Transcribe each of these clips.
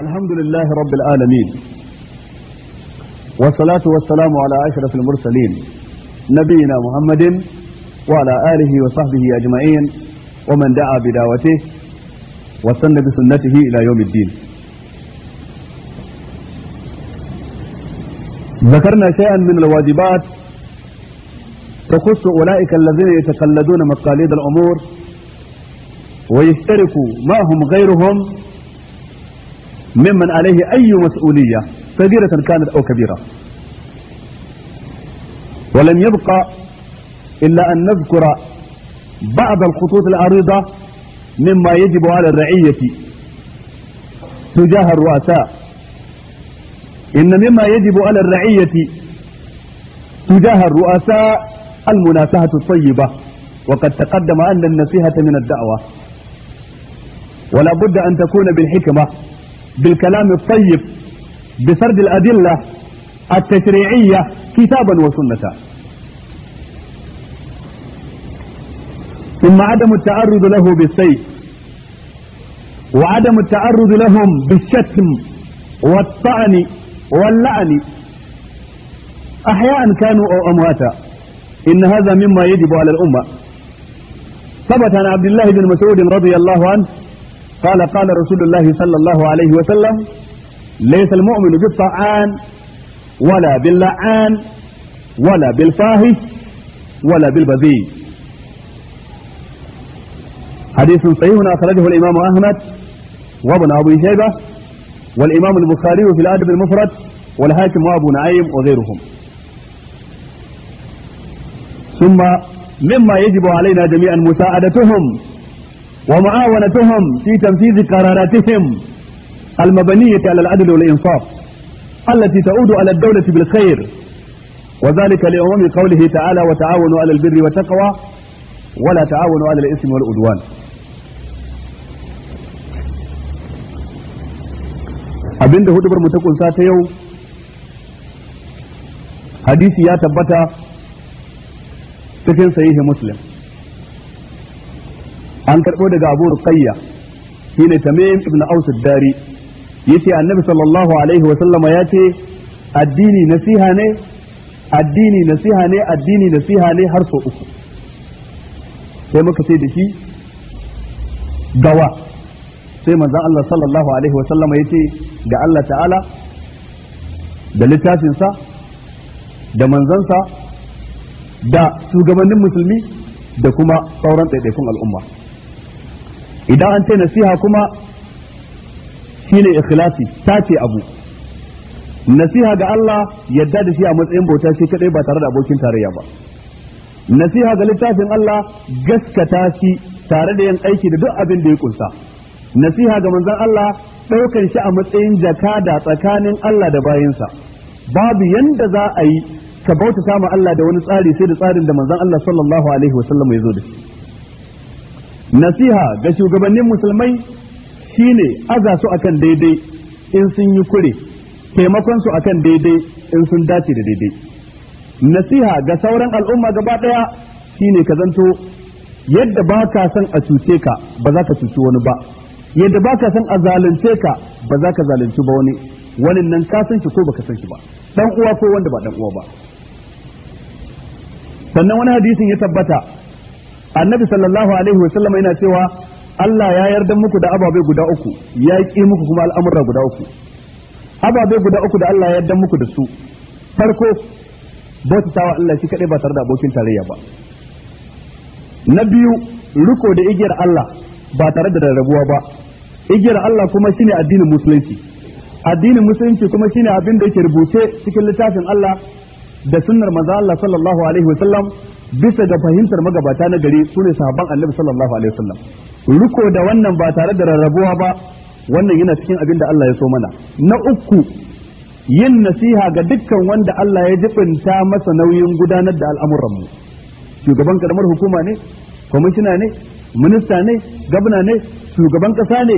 الحمد لله رب العالمين والصلاة والسلام على أشرف المرسلين نبينا محمد وعلى آله وصحبه أجمعين ومن دعا بدعوته وسن بسنته إلى يوم الدين ذكرنا شيئا من الواجبات تخص أولئك الذين يتقلدون مقاليد الأمور ما هم غيرهم ممن عليه أي مسؤولية صغيرة كانت أو كبيرة ولم يبقى إلا أن نذكر بعض الخطوط العريضة مما يجب على الرعية تجاه الرؤساء إن مما يجب على الرعية تجاه الرؤساء المناسهة الطيبة وقد تقدم أن النصيحة من الدعوة ولا بد أن تكون بالحكمة بالكلام الطيب بسرد الأدلة التشريعية كتابا وسنة ثم عدم التعرض له بالسيف وعدم التعرض لهم بالشتم والطعن واللعن أحياء كانوا أو أمواتا إن هذا مما يجب على الأمة ثبت عن عبد الله بن مسعود رضي الله عنه قال قال رسول الله صلى الله عليه وسلم ليس المؤمن بالطعان ولا باللعان ولا بالفاهش ولا بالبذيء حديث صحيح أخرجه الإمام أحمد وابن أبي شيبة والإمام البخاري في الأدب المفرد والحاكم وأبو نعيم وغيرهم ثم مما يجب علينا جميعا مساعدتهم ومعاونتهم في تنفيذ قراراتهم المبنية على العدل والإنصاف التي تعود على الدولة بالخير وذلك لعموم قوله تعالى وتعاونوا على البر والتقوى ولا تعاونوا على الإثم والعدوان أبين hudubar mu ta ساتيو حديثي يا تبتا تكن tabbata مسلم an karɓo daga Abu Ruqayya shine Tamim ibn Aus ad-Dari yace Annabi sallallahu alaihi wa sallama yace addini nasiha ne addini nasiha ne addini nasiha ne har so uku sai muka ce da shi gawa sai manzon Allah sallallahu alaihi wa sallama yace ga Allah ta'ala da littafinsa da manzansa da shugabannin musulmi da kuma sauran ɗaiɗaikun al'umma idan an ce nasiha kuma shine ikhlasi tace abu nasiha ga Allah yadda da shi a matsayin bauta shi kadai ba tare da abokin tarayya ba nasiha ga littafin Allah gaskata shi tare da yin aiki da duk abin da ya kunsa nasiha ga manzon Allah daukar shi a matsayin jakada tsakanin Allah da bayinsa babu yanda za a yi ka bauta sama Allah da wani tsari sai da tsarin da manzon Allah sallallahu alaihi wasallam ya zo da shi nasiha ga shugabannin musulmai shine azasu su akan daidai in sun yi kure taimakon su akan daidai in sun dace da daidai nasiha ga sauran al'umma gaba daya shine ka zanto yadda ba ka san a cuce ka ba za ka cuci wani ba yadda ba ka san a zalunce ka ba za ka zalunci ba wani wani nan ka san shi ko baka san shi ba dan uwa ko wanda ba dan uwa ba sannan wani hadisin ya tabbata annabi sallallahu alaihi wa sallam yana cewa Allah ya yarda muku da ababe guda uku ya ki muku kuma al'amurra guda uku ababe guda uku da Allah ya yarda muku da su farko wa Allah shi kadai ba tare da abokin tarayya ba na biyu riko da igiyar Allah ba tare da rarrabuwa ba igiyar Allah kuma shine addinin musulunci addinin musulunci kuma shine abin da yake rubuce cikin littafin Allah da sunnar manzo Allah sallallahu alaihi wa sallam. bisa ga fahimtar magabata na gari su ne sahabban annabi sallallahu alaihi wasallam riko da wannan ba tare da rarrabuwa ba wannan yana cikin abin da Allah ya so mana na uku yin nasiha ga dukkan wanda Allah ya jibinta masa nauyin gudanar da al'amuran mu shugaban karamar hukuma ne kwamishina ne minista ne gabna ne shugaban kasa ne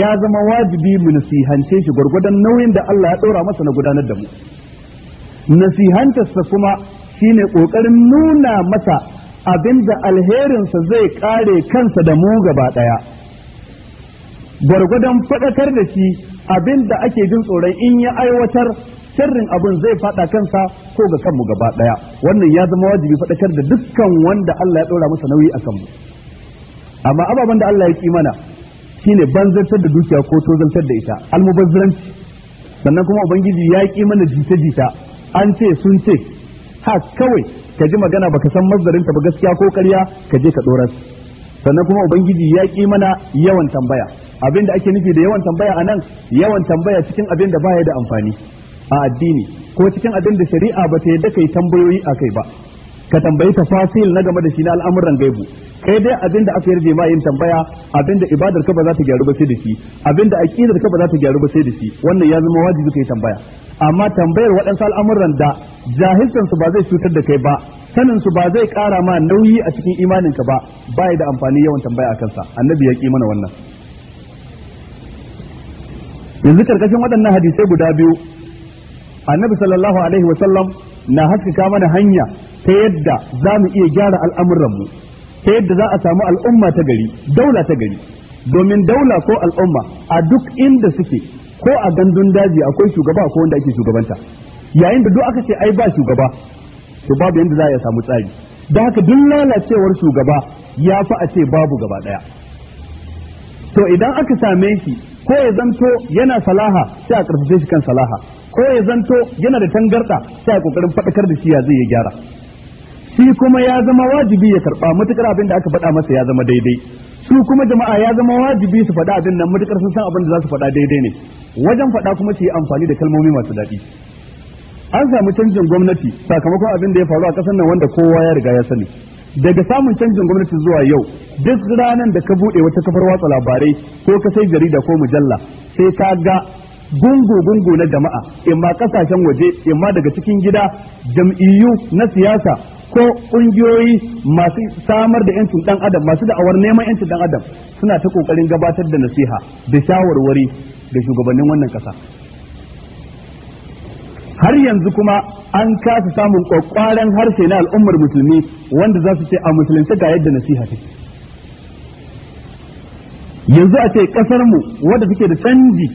ya zama wajibi mu nasihance shi gwargwadon nauyin da Allah ya ɗora masa na gudanar da mu nasihantarsa kuma shine ƙoƙarin nuna masa abinda alherinsa zai ƙare kansa da mu gaba daya gwargwadon faɗakar da shi abinda ake jin tsoron in ya aiwatar sirrin abin zai faɗa kansa ko ga kanmu gaba daya wannan ya zama wajibi faɗakar da dukkan wanda Allah ya ɗora masa nauyi a kanmu amma ababen da Allah ya ki mana shine banzartar da dukiya ko tozartar da ita almubazzaranci, sannan kuma ubangiji ya ƙi mana jita jita an ce sun ce ha kawai ka ji magana baka san mazarin ta ba gaskiya ko ƙarya ka je ka dorar sannan kuma ubangiji ya ki mana yawan tambaya abin da ake nufi da yawan tambaya a nan yawan tambaya cikin abinda da baya da amfani a addini ko cikin abin da shari'a ba ta yadda kai tambayoyi a kai ba ka tambayi tafasil na game da shi na al'amuran gaibu kai dai abin da aka yarje ma yin tambaya abinda da ibadar ka ba za ta gyaru ba sai da shi abinda da aqidar ka ba za ta gyaru ba sai da shi wannan ya zama wajibi kai tambaya amma tambayar waɗansu al'amuran da jahilcin su ba zai cutar da kai ba sanin su ba zai ƙara ma nauyi a cikin imaninka ba bai da amfani yawan tambaya a kansa annabi ya ki mana wannan yanzu karkashin waɗannan hadisai guda biyu annabi sallallahu alaihi wa sallam na haskaka mana hanya ta yadda za mu iya gyara al'amuranmu ta yadda za a samu al'umma ta gari daula ta gari domin daula ko al'umma a duk inda suke ko a gandun daji akwai shugaba ko wanda ake shugabanta yayin da duk aka ce ai ba shugaba to babu yanda za a samu tsari da haka duk lalacewar shugaba ya fi a ce babu gaba daya to idan aka same shi ko ya zanto yana salaha sai a karfafe shi kan salaha ko ya zanto yana da tangarda sai a kokarin fadakar da shi ya zai ya gyara shi kuma ya zama wajibi ya karba matukar abin da aka faɗa masa ya zama daidai su kuma jama'a ya zama wajibi su faɗa abin nan matukar sun san abin da za su faɗa daidai ne wajen faɗa kuma ta amfani da kalmomi masu daɗi an samu canjin gwamnati sakamakon abin da ya faru a ƙasar nan wanda kowa ya riga ya sani daga samun canjin gwamnati zuwa yau duk ranar da ka buɗe wata kafar watsa labarai ko ka sai jarida ko mujalla sai ka ga gungu-gungu na jama'a imma kasashen waje imma daga cikin gida jam'iyyu na siyasa ko ƙungiyoyi masu samar da 'yancin ɗan adam masu da'awar neman 'yancin ɗan adam suna ta ƙoƙarin gabatar da nasiha da shawarwari da shugabannin wannan kasa har yanzu kuma an kasa samun kwakwaren harshe na al'ummar musulmi wanda za su ce a musulunci ga yadda nasiha take yanzu a ce kasar mu wadda suke da canji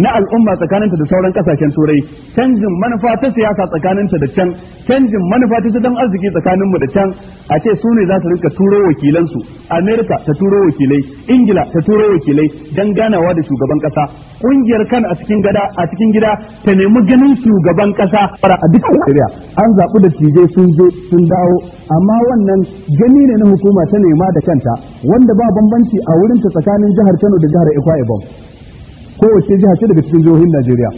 na al'umma tsakaninta da sauran kasashen turai canjin manufa ta siyasa tsakaninta da can canjin manufa ta tattalin arziki tsakaninmu da can a ce su ne za su rika turo wakilansu amerika ta turo wakilai ingila ta turo wakilai don ganawa da shugaban kasa ƙungiyar kan a cikin gada a cikin gida ta nemi ganin shugaban kasa a duk Najeriya an zaɓi da cije sun zo sun dawo amma wannan gani ne na hukuma ta nema da kanta wanda ba bambanci a wurin ta tsakanin jihar Kano da jihar Ikwa Ibom kowace jiha ce daga cikin jihohin Najeriya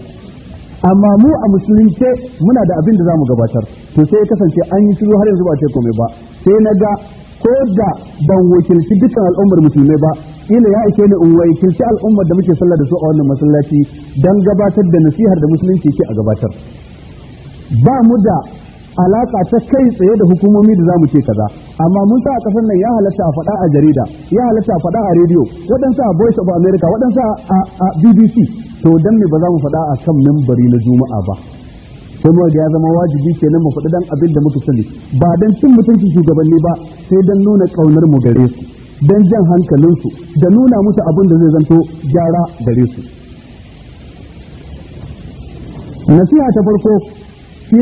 amma mu a musulunce muna da abin da za mu gabatar to sai ya kasance an yi shiru har yanzu ba ce komai ba sai na ga ko da ban wakilci dukkan al'ummar musulmai ba ila ya ake ni in wakilci al'ummar da muke sallah da su a wannan masallaci don gabatar da nasihar da musulunci ke a gabatar ba mu da alaka ta kai tsaye da hukumomi da zamu ce kaza amma mun sa a kasar nan ya halatta a faɗa a jarida ya halatta a faɗa a rediyo waɗansu a Voice of America waɗansu a BBC to dan me ba za mu faɗa a kan membari na Juma'a ba sai mu ya zama wajibi kenan mu faɗi dan abin da muka sani ba dan cin mutunci shugabanni ba sai dan nuna kaunar mu gare su dan jan hankalinsu da nuna musu abin da zai zanto gyara gare su nasiha ta farko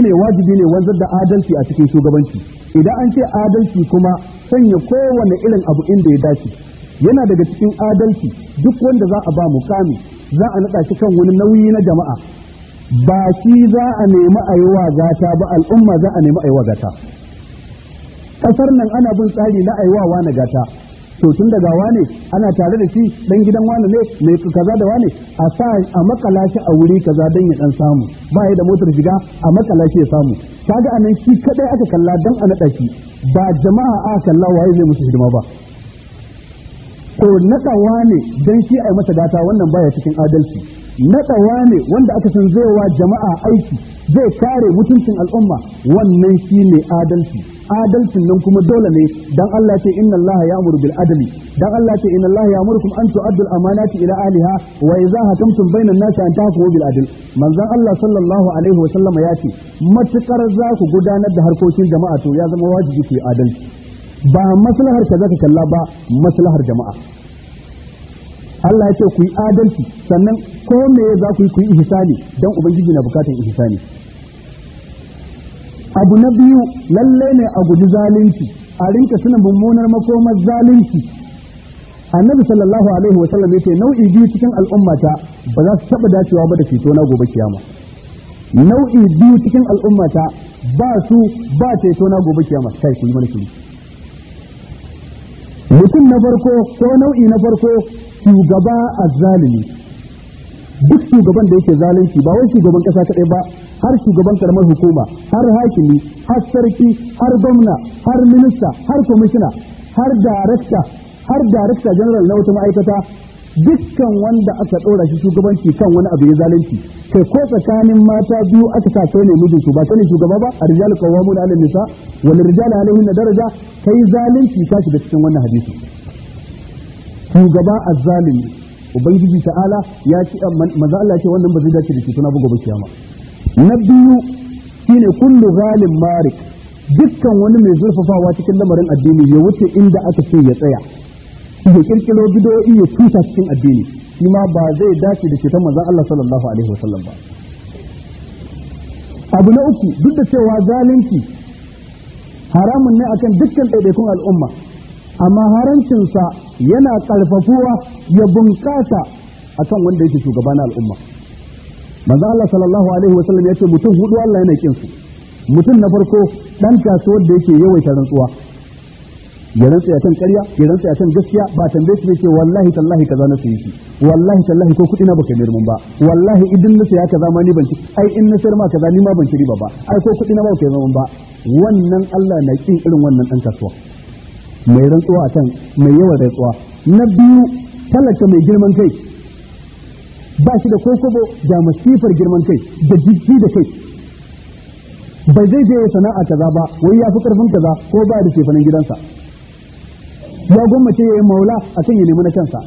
ne wajibi ne wanzar da adalci a cikin shugabanci idan an ce adalci kuma sanya kowane irin abu inda ya dace yana daga cikin adalci duk wanda za a ba mukami za a naɗa shi kan wani nauyi na jama'a ba shi za a nemi a yi wa gata ba al'umma za a nemi a yi wa gata ƙasar nan ana bin tsari na aiwawa na gata to tun daga wane ana tare da shi dan gidan wane ne mai kaza da wane a sa a makala shi a wuri kaza dan ya dan samu ba ya da motar shiga a makala shi ya samu kaga anan shi kadai aka kalla dan a nada shi ba jama'a aka kalla waye zai musu hidima ba to nada wane dan shi ai masa gata wannan baya cikin adalci nada wane wanda aka san zai wa jama'a aiki zai kare mutuncin al'umma wannan shi ne adalci adalcin nan kuma dole ne dan Allah ce inna Allah ya'muru bil adli dan Allah ce inna Allah ya'murukum an tu'addu al amanati ila ahliha wa idza hakamtum bainan nasi an tahkumu bil adl manzon Allah sallallahu alaihi wa ya ce matukar za ku gudanar da harkokin jama'a to ya zama wajibi ku yi adalci ba maslahar ka zaka kalla ba maslahar jama'a Allah ya ce ku yi adalci sannan ko me za ku yi ku yi ihsani dan ubangiji na bukatan ihsani abu na biyu lalle ne a guji zalunci a rinka suna mummunar makomar zalunci annabi sallallahu alaihi wa sallam yace nau'i biyu cikin al'ummata ba za su taba dacewa ba da fito na gobe kiyama nau'i biyu cikin al'ummata ba su ba ceto na gobe kiyama kai ku yi mana kiri mutum na farko ko nau'i na farko shugaba azzalimi duk shugaban da yake zalunci ba wai shugaban kasa kadai ba har shugaban karamar hukuma har hakimi har sarki har gwamna har minista har kwamishina har darakta har darakta general na wata ma'aikata dukkan wanda aka ɗora shi shugabanci kan wani abu ya zalunci kai ko tsakanin mata biyu aka sa kai ne mijinsu ba kai ne shugaba ba a rijalu 'ala nisa wal rijalu 'alayhin daraja kai zalunci ka shiga cikin wannan hadisi shugaba az-zalimi ubangiji ta'ala ya ce maza Allah ce wannan ba zai dace da shi tuna ba kiyama na biyu shine kullu ghalim marik dukkan wani mai zurfafawa cikin lamarin addini ya wuce inda aka ce ya tsaya ya kirkiro bidoyi ya tuta cikin addini shi ma ba zai dace da ceton manzon Allah sallallahu alaihi wasallam ba abu na uku duk da cewa zalunci haramun ne akan dukkan ɗaiɗaikun al'umma amma haramcinsa yana ƙarfafuwa ya bunƙasa a kan wanda yake shugaba na al'umma manzo Allah sallallahu alaihi wasallam ya ce mutum hudu Allah yana kin su mutum na farko dan kasuwar da yake yawaita rantsuwa ya rantsa ya kan ƙarya ya rantsa ya kan gaskiya ba tambaye shi yake wallahi tallahi kaza na sayi wallahi tallahi ko kudi na baka mayar mun ba wallahi idan na saya kaza ma ni ban ci ai in na sayar ma kaza ni ma ban ci riba ba ai ko kudi na ba ka mayar mun ba wannan Allah na kin irin wannan dan kasuwa mai rantsuwa a can mai yawan rantsuwa na biyu talaka mai girman kai ba shi da kokobo da masifar girman kai da jijji da kai bai zai je sana'a kaza ba wai ya fi karfin kaza ko ba da shefanin gidansa ya gwammace ya yi maula a kan ya nemi na kansa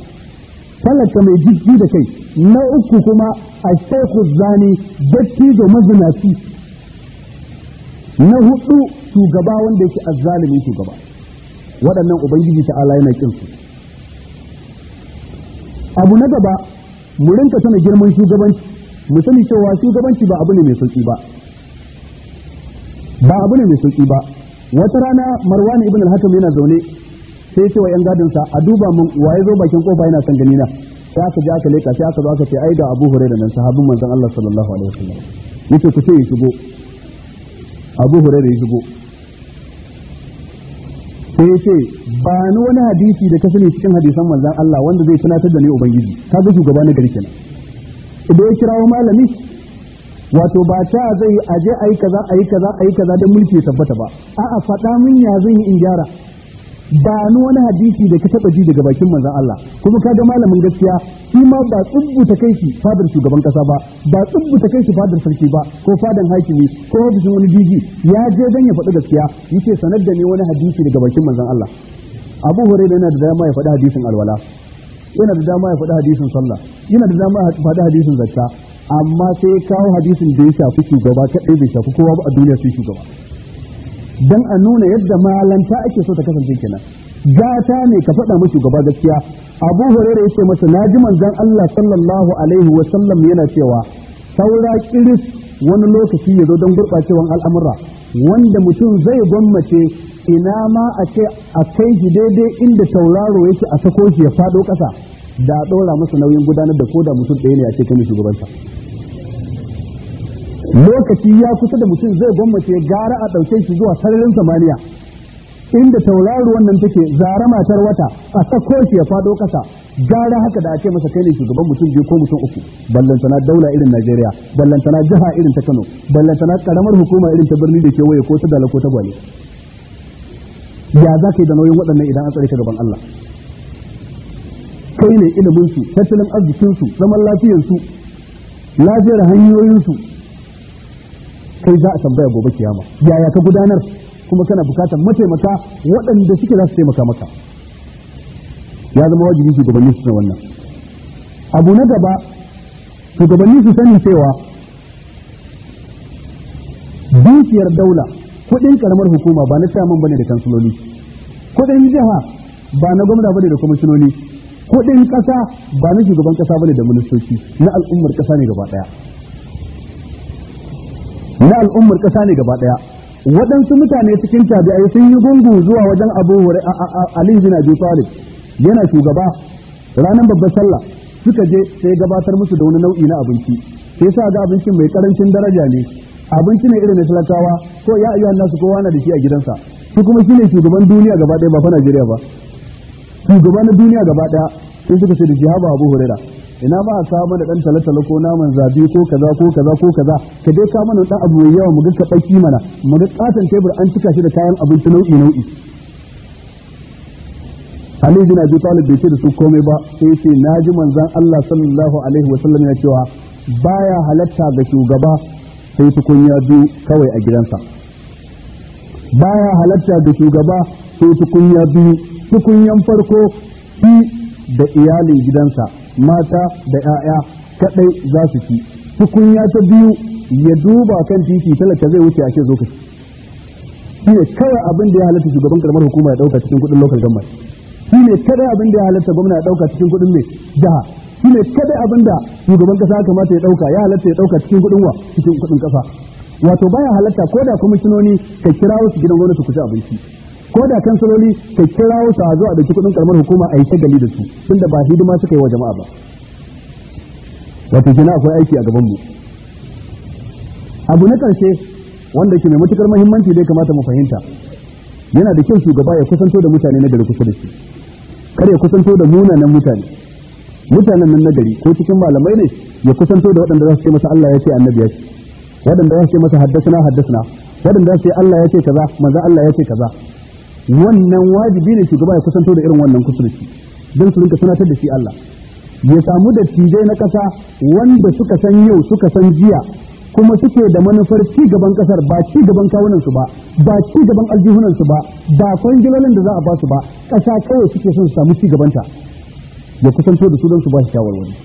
talata mai jijji da kai na uku kuma a zane zani da mazinaci na hudu shugaba wanda yake azzalumin shugaba waɗannan ubangiji ta ala yana kin su abu na gaba mu rinka sana girman shugabanci mu sani cewa shugabanci ba abu ne mai sauki ba ba abu ne mai sauki ba wata rana marwan ibn al-hakam yana zaune sai ce wa yan gadin sa a duba mun waye zo bakin kofa yana san gani na sai aka je aka leka sai aka zo aka ce ai da Abu Hurairah nan sahabin manzon Allah sallallahu alaihi wasallam yace ku sai ya shigo Abu Hurairah ya shigo sai ya ce ba ni wani hadisi da ka sani cikin hadisan manzon Allah wanda zai tunatar da ni ubangiji ka ga shugaba na gari kenan idan ya kirawo malami wato ba ta zai aje ayi kaza ayi kaza ayi kaza dan mulki ya tabbata ba a'a faɗa min ya zan yi in gyara ba ni wani hadisi da ka taba ji daga bakin manzon Allah kuma kaga malamin gaskiya shi ma ba tsubbuta kai shi fadar shugaban kasa ba ba tsubbuta kai shi fadar sarki ba ko fadan hakimi ko ofishin wani diji ya je dan ya faɗi gaskiya yace sanar da ni wani hadisi daga bakin manzon Allah Abu Hurairah yana da dama ya faɗi hadisin alwala yana da dama ya faɗi hadisin sallah yana da dama ya faɗi hadisin zakka amma sai ya kawo hadisin da ya shafi shugaba kadai bai shafi kowa ba a duniya sai shugaba Don a nuna yadda malanta ake so ta kasance kenan gata ne ka faɗa musu gaba gaskiya abu ya yace masa ji manzon Allah sallallahu alaihi wa sallam yana cewa saura kiris wani lokaci ya zo don gurɓacewan al'amura wanda mutum zai gwammace ina ma a ce a kai shi daidai inda tauraro yake a sako shi ya faɗo ƙasa da ɗora masa nauyin gudanar da koda mutum ɗaya ne a cikin shugabansa lokaci ya kusa da mutum zai gwammace gara a ɗauke shi zuwa sararin samaniya inda tauraru wannan take zara matar wata a sako shi ya fado kasa gara haka da ake masa kai ne shugaban mutum biyu ko mutum uku ballantana daula irin Najeriya ballantana jiha irin ta Kano ballantana karamar hukuma irin ta birni da ke waye ko ta dala ko ta gwale ya za ka yi da nauyin waɗannan idan an tsare ka gaban Allah kai ne ilimin su tattalin arzikin su zaman lafiyarsu lafiyar hanyoyin su kai za a tambaya gobe kiyama yaya ka gudanar kuma kana bukatar mataimaka waɗanda suke za su taimaka maka ya zama wajibi shugabanni su wannan abu na gaba shugabanni su sani cewa dukiyar daula kuɗin karamar hukuma ba na chairman bane da kansuloli kuɗin jiha ba na gwamna bane da kwamishinoli kuɗin ƙasa ba na shugaban ƙasa bane da ministoci na al'ummar ƙasa ne gaba ɗaya na al'ummar ƙasa ne gaba ɗaya waɗansu mutane cikin tabi'ai sun yi gungu zuwa wajen abu ali bin abi talib yana shugaba ranar babbar sallah suka je sai gabatar musu da wani nau'i na abinci sai sa ga abincin mai karancin daraja ne abinci ne irin na talakawa ko ya ayyuhan nasu kowa na da shi a gidansa shi kuma shine shugaban duniya gaba ɗaya ba fa Najeriya ba shugaba duniya gaba ɗaya sai suka ce da shi haba Abu Huraira ina ba a samu da dan talatala ko naman zabi ko kaza ko kaza ko kaza ka dai samu mana dan abu mai yawa mu ga kabaki mana mu ga katon tebur an cika shi da kayan abinci nau'i nau'i Ali bin Abi Talib bai ce da su komai ba sai ce ji manzon Allah sallallahu alaihi wa sallam ya cewa baya halatta ga shugaba sai tukunya biyu kawai a gidansa baya halatta ga shugaba sai tukunya biyu tukunyan farko shi da iyalin gidansa mata da 'ya'ya kadai za su ci tukunya ta biyu ya duba kan titi talaka zai wuce a ce zo ka ci shi ne kawai abin da ya halatta shugaban karamar hukuma ya dauka cikin kudin local government shi ne kadai abin da ya halatta gwamna ya dauka cikin kudin mai jiha shi ne kadai abin da shugaban kasa kamata ya dauka ya halatta ya dauka cikin kudin wa cikin kudin kasa wato baya halatta ko da kwamishinoni ka kira wasu gidan gwamnati ku ci abinci ko da kansaloli ka kirawo su a zuwa da dauki kudin karamar hukuma a yi gali da su tun da ba hidima suka yi wa jama'a ba wato kina akwai aiki a gaban mu abu na karshe wanda ke mai matukar muhimmanci dai kamata mu fahimta yana da kyau shugaba ya kusanto da mutane na gari kusa da shi kar ya kusanto da munanan mutane mutanen nan nagari ko cikin malamai ne ya kusanto da waɗanda za su ce masa Allah ya ce annabi ya ce waɗanda za su ce masa haddasna haddasna waɗanda za su ce Allah ya ce kaza manzo Allah ya ce kaza wannan wajibi ne shugaba ya kusanto da irin wannan kusurci don su rinka sunatar da shi Allah ya samu da tijai na kasa wanda suka san yau suka san jiya kuma suke da manufar ci gaban kasar ba ci gaban kawunan su ba ba ci gaban aljihunan su ba ba kwangilolin da za a ba su ba ƙasa kawai suke son su samu ci gabanta ya kusanto da su don su ba su shawarwari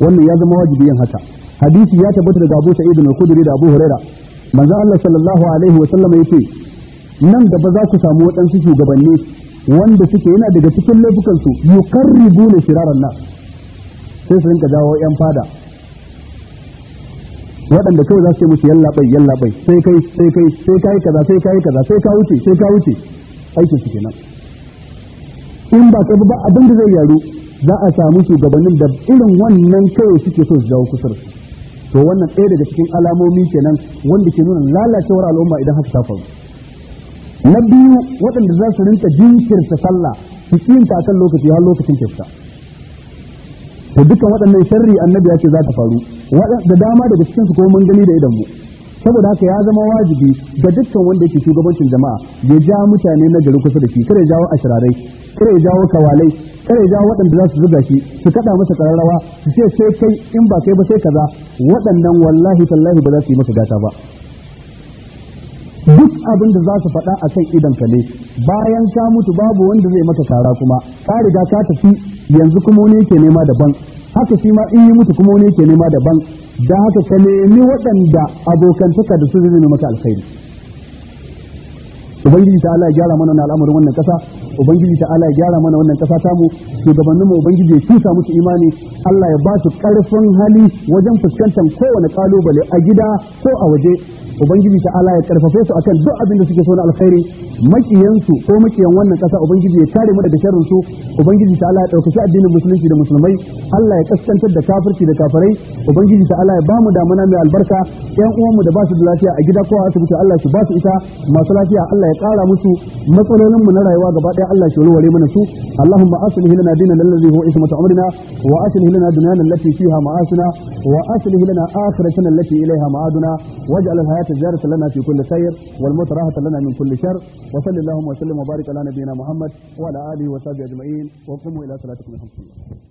wannan ya zama wajibi yin haka hadisi ya tabbata daga Abu Sa'id al-Khudri da Abu Huraira manzo Allah sallallahu alaihi wa sallam yake nan gaba za su samu waɗansu shugabanni wanda suke yana daga cikin laifukansu yukarribu na shirarar nan sai su rinka jawo yan fada waɗanda kawai za su yi musu yallaɓai yallaɓai sai kai sai kai sai kai kaza sai kai kaza sai ka wuce sai ka wuce aikin su kenan in ba ka ba abin da zai yaru za a samu shugabannin da irin wannan kai suke so su jawo kusur to wannan ɗaya daga cikin alamomi kenan wanda ke nuna lalacewar al'umma idan haka ta faru na biyu waɗanda za su rinka jinkirta sallah su a kan lokaci har lokacin kyauta to dukkan waɗannan sharri annabi ya ce za ta faru da dama daga cikin su kuma mun gani da idanmu saboda haka ya zama wajibi ga dukkan wanda yake shugabancin jama'a ya ja mutane na gari kusa da shi kare jawo ashirarai kare jawo kawalai kare jawo waɗanda za su zuga shi su kaɗa masa ƙararrawa, su ce sai kai in ba kai ba sai kaza waɗannan wallahi tallahi ba za su yi masa gata ba duk abin da za su faɗa a kan idan ne bayan ka mutu babu wanda zai maka kara kuma ka riga ka tafi yanzu kuma wani yake nema daban haka shi ma in yi mutu kuma wani yake nema daban da haka ka nemi waɗanda abokantaka da su zai maka alkhairi ubangiji ta Allah ya gyara mana wani al'amarin wannan kasa ubangiji ta Allah ya gyara mana wannan kasa tamu shugabannin mu ubangiji ya tusa musu imani Allah ya ba su karfin hali wajen fuskantar kowane kalubale a gida ko a waje ubangiji ta Allah ya karfafe su akan duk abin da suke so na alkhairi makiyansu ko makiyan wannan kasa ubangiji ya kare mu daga sharrin su ubangiji ta Allah ya dauki addinin musulunci da musulmai Allah ya kaskantar da kafirci da kafirai ubangiji ta Allah ya ba mu damana mai albarka ƴan uwanmu da ba su da lafiya a gida ko a asibiti Allah shi ba su ita masu lafiya Allah ya ƙara musu matsalolin mu na rayuwa gaba ɗaya Allah shi warware mana su Allahumma aslih lana dinana alladhi huwa ismatu amrina wa aslih lana dunyana allati fiha ma'asina wa aslih lana akhiratana allati ilayha ma'aduna waj'al al-hayata ziyaratan lana fi kulli khair wal mauta rahatan lana min kulli shar وصل اللهم وسلم وبارك على نبينا محمد وعلى اله وصحبه اجمعين وقوموا الى صلاتكم الحمد لله